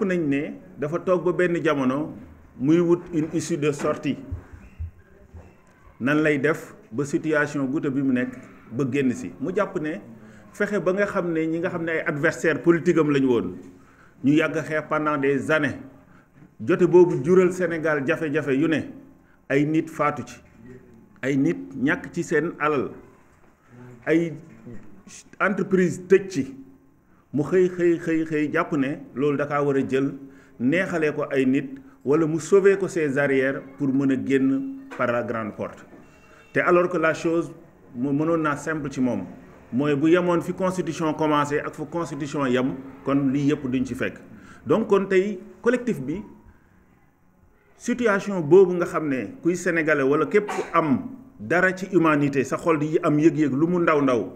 jàpp nañ ne dafa toog ba benn jamono muy wut une issue de sortie nan lay def ba situation guuta bi mu nekk ba génn si mu jàpp ne fexe ba nga xam ne ñi nga xam ne ay adversaire politique am lañu woon ñu yàgg xeex pendant des années jote boobu jural Sénégal jafe-jafe yu ne ay nit faatu ci ay nit ñàkk ci seen alal ay entreprise tëj ci mu xëy xëy xëy xëy jàpp ne loolu da war a jël neexalee ko ay nit wala mu sauver ko ses arrières pour mën a génn par la grande porte te alors que la chose mu mënoon naa simple ci moom mooy bu yemoon fi constitution commencé ak fu constitution yem kon lii yëpp duñ ci fekk donc kon tey collectif bi situation boobu nga xam ne kuy sénégalais wala képp ku am dara ci humanité sa xol di am yëg-yëg lu mu ndaw ndaw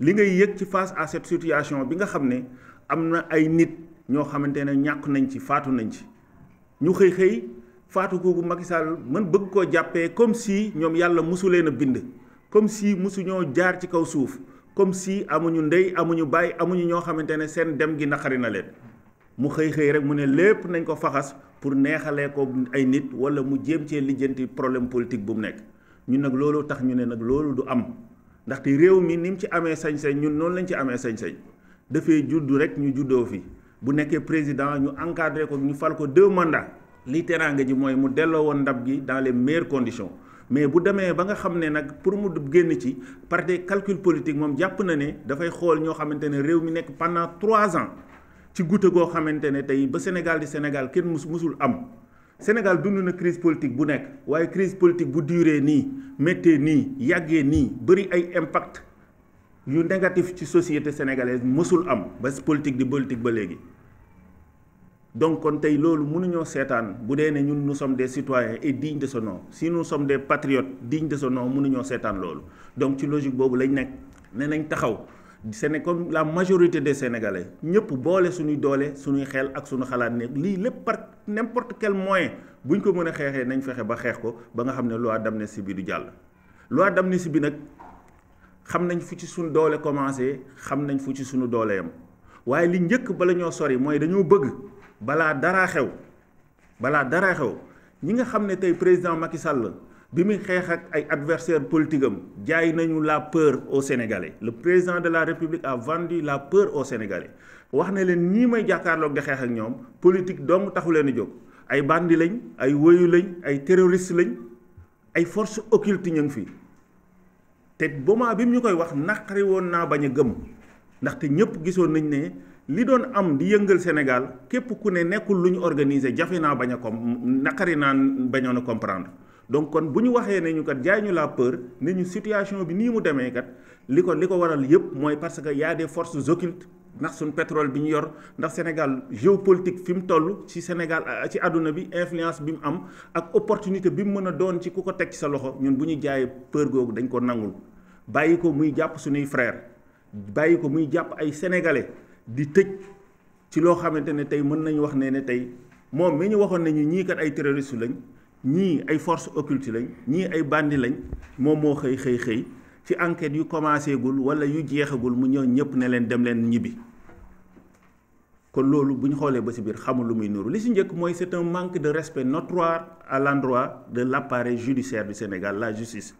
li ngay yëg ci face à cette situation bi nga xam ne am na ay nit ñoo xamante ne ñàkk nañ ci faatu nañ ci ñu xëy xëy faatu googu Macky Sall man bëgg koo jàppee comme si ñoom yàlla mosu leen a bind comme si mosu ñoo jaar ci kaw suuf comme si amuñu ndey amuñu bàyyi amuñu ñoo xamante ne seen dem gi naqari na leen mu xëy xëy rek mu ne lépp nañ ko faxas pour neexalee ko ay nit wala mu jéem cee lijjanti problème politique bu mu nekk ñun nag loolu tax ñu ne nag loolu du am. ndaxte réew mi ni mu ci amee sañ-sañ ñun noonu lañ ci amee sañ-sañ dafay juddu rek ñu juddoo fi bu nekkee président ñu encadré ko ñu fal ko deux mandats li teraanga ji mooy mu delloo woon ndab gi dans les meilleures conditions mais bu demee ba nga xam ne nag pour mu du génn ci par des calculs politiques moom jàpp na ne dafay xool ñoo xamante ne réew mi nekk pendant trois ans ci goutte goo xamante ne tey ba Sénégal di Sénégal kenn mus musul am Sénégal dund na crise politique bu nekk waaye crise politique bu duree nii méttee nii yàggee nii bëri ay impact yu négatif ci société sénégalaise mësul am ba politique di politique ba léegi donc kon tey loolu mënuñoo seetaan bu dee ne ñun nu sommes des citoyens et dignes de ce nom si nous sommes des patriotes dignes de ce nom mënuñoo seetaan loolu donc ci logique boobu lañ nekk ne nañ taxaw Séné comme la majorité des sénégalais ñëpp boole suñuy doole suñuy xel ak suñu xalaat ne lii lépp par n'importe quel moyen buñ ko mën a xeexee nañ fexe ba xeex ko ba nga xam ne ne si bi du jàll. loi si bi nag xam nañ fu ci suñu doole commencé xam nañ fu ci suñu doole yam waaye li njëkk bala ñoo sori mooy dañoo bëgg balaa dara xew balaa dara xew ñi nga xam ne tey président Macky la bi muy xeex ak ay adversaire politique am jaay nañu la peur au Sénégalais le président de la République a vendu la peur aux Sénégalais wax ne leen ñii may jàkkaarloog di xeex ak ñoom politique doom taxu leen jóg ay bandi lañ ay woyu lañ ay terroriste lañ ay force occulte ñu ngi fi te boma bi mu ñu koy wax naqari woon naa bañ a gëm ndaxte ñëpp gisoon nañ ne li doon am di yëngal Sénégal képp ku ne nekkul lu ñu organiser jafe naa bañ a kom naqari naan bañoon a comprendre donc kon bu ñu waxee ne ñu kat jaay ñu la peur ne ñu situation bi nii mu demee kat li ko li ko waral yëpp mooy parce que y a force forces ndax suñu pétrole bi ñu yor ndax Sénégal géopolitique fi mu toll ci Sénégal ah, ci àdduna bi influence bi mu am ak opportunité bi mu mën a doon ci ku ko teg ci sa loxo ñun bu ñu jaayee peur googu dañ ko nangul bàyyi ko muy jàpp suñuy frère bàyyi ko muy jàpp ay sénégalais di tëj ci loo xamante ne tey mën nañu wax ne ne tey moom mi ñu waxoon nañu ñii kat ay terroristes lañ ñii ay force occulte lañ ñii ay bandi lañ moom moo xëy xëy xëy ci enquête yu commencé gul wala yu jeexagul mu ñëw ñëpp ne leen dem leen ñibbi kon loolu bu ñu xoolee ba si biir xamul lu muy nuru li si njëkk mooy c'est un manque de respect notoire à l'endroit de l'appareil judiciaire du Sénégal la justice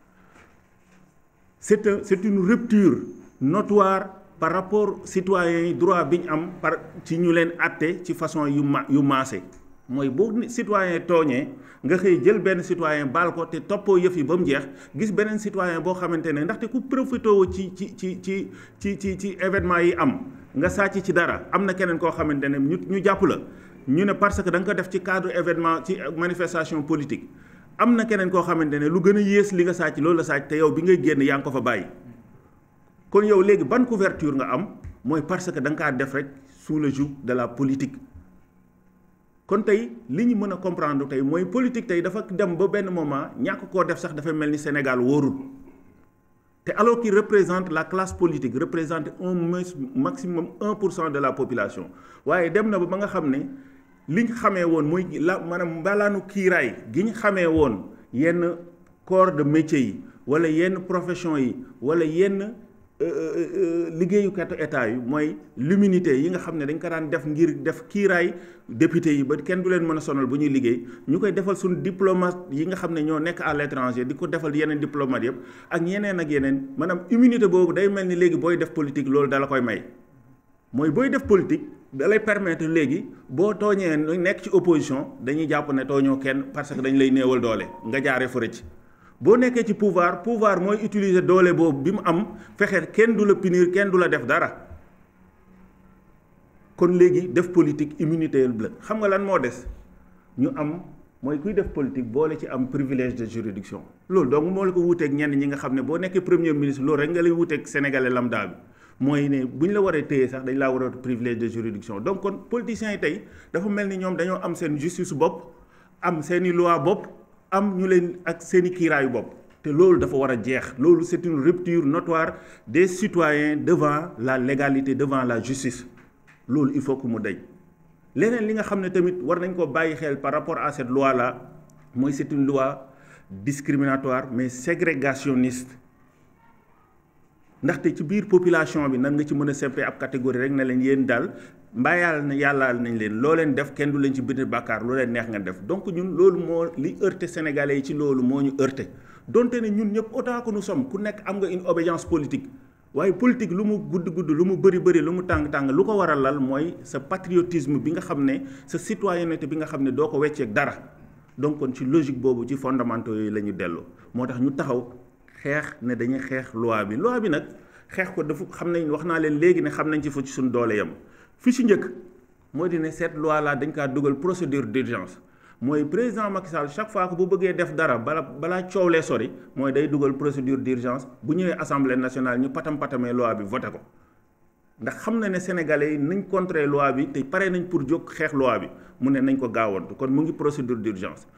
c'est un c'est une rupture notoire par rapport citoyens yi droit bi ñu am par ci ñu leen àtte ci façon yu ma yu maase mooy boo citoyen tooñee nga xëy jël benn citoyen baal ko te toppoo yëf yi ba mu jeex gis beneen citoyen boo xamante ne ndaxte ku profité ci ci ci ci ci ci ci événement yi am nga sàcc ci dara am na keneen koo xamante ne ñu ñu jàpp la ñu ne parce que da nga ko def ci cadre événement ci manifestation politique am na keneen koo xamante ne lu gën a yées li nga sàcc loolu la sàcc te yow bi ngay génn yaa ngi ko fa bàyyi kon yow léegi ban couverture nga am mooy parce que da nga kaa def rek sous de la politique kon tey li ñu mën a comprendre tey mooy politique tey dafa dem ba benn moment ñàkk koo def sax dafa mel ni Sénégal wóorul te alors qu'il représente la classe politique représente un maximum un pour cent de la population waaye dem na ba ba nga xam ne li ñu xamee woon mooy la maanaam mbalaanu kiiraay gi ñu xamee woon yenn corps de métier yi wala yenn profession yi wala yenn Euh, euh, euh, liggéeyukatu état yu mooy l'immunité yi nga xam ne dañ ko daan def ngir def kiiraay député yi ba kenn du leen mën a sonal bu ñuy liggéey ñu koy defal suñu diplomat yi nga xam ne ñoo nekk à l'étranger di ko defal yeneen diplomate yëpp ak yeneen ak yeneen maanaam immunité boobu day mel ni léegi booy def politique loolu dala koy may mooy booy def politique dalay permettre léegi boo tooñee nekk ci opposition dañuy jàpp ne tooñoo kenn parce que dañ lay néewal doole nga jaaree fa rëcc boo nekkee ci pouvoir pouvoir mooy utiliser doole boobu bi mu am fexe kenn du la punir kenn du la def dara kon léegi def politique immunité la xam nga lan moo des ñu am mooy kuy def politique boole ci am privilège de juridiction loolu donc moo la ko wuuteeg ñenn ñi nga xam ne boo nekkee premier ministre loolu rek nga lay wuuteeg sénégalais lambda bi mooy ne bu ñu la waree téye sax dañ laa war a privilège de juridiction donc kon politiciens yi tey dafa mel ni ñoom dañoo am seen justice bopp am seeni loi bopp am ñu leen ak seeni kiiraayu bopp te loolu dafa war a jeex loolu c'est une rupture notoire des citoyens devant la légalité devant la justice loolu il faut que mu dañ leneen li nga xam ne tamit war nañ ko bàyyi xel par rapport à cette loi la mooy c'est une loi discriminatoire mais ségrégationniste ndaxte ci biir population bi nan nga ci mën a sempee ab catégorie rek na leen yéen daal mbaa na yàllaal nañ leen loo leen def kenn du leen ci bind bàkkaar loo leen neex nga def donc ñun loolu moo li heurté sénégalais yi ci loolu moo ñu heurté donte ne ñun ñëpp autant que nu sommes ku nekk am nga une obédience politique waaye politique lu mu gudd gudd lu mu bëri bëri lu mu tàng-tàng lu ko waral lal mooy sa patriotisme bi nga xam ne sa citoyenneté bi nga xam ne doo ko wecceeg dara donc kon ci logique boobu ci fondamentaux yooyu la ñu delloo moo tax ñu taxaw xeex ne dañuy xeex loi bi loi bi nag xeex ko dafa xam nañ wax naa leen léegi ne xam nañ ci fu ci suñ doole yam fi ci njëkk moo dina ne cette loi dañ kaa dugal procédure d'urgence mooy président Macky chaque fois que bu bëggee def dara bala balaa coow lee sori mooy day dugal procédure d'urgence bu ñëwee assemblée nationale ñu patam patamee loi bi voté ko ndax xam na ne sénégalais yi nañ contrer loi bi te pare nañ pour jóg xeex loi bi mu ne nañ ko gaawantu kon mu ngi procédure d'urgence